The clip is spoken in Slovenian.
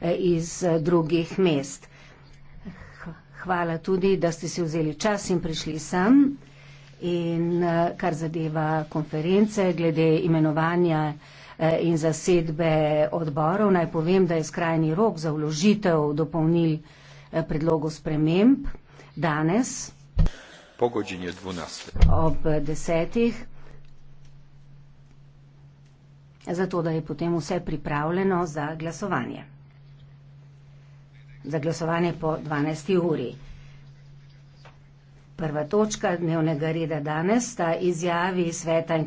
Eh, iz eh, drugih mest. Hvala tudi, da ste si vzeli čas in prišli sem. In eh, kar zadeva konference glede imenovanja in zasedbe odborov, naj povem, da je skrajni rok za vložitev dopolnil predlogu sprememb danes. Po godini 12. Ob desetih. Zato, da je potem vse pripravljeno za glasovanje za glasovanje po 12. uri. Prva točka dnevnega reda danes sta izjavi sveta in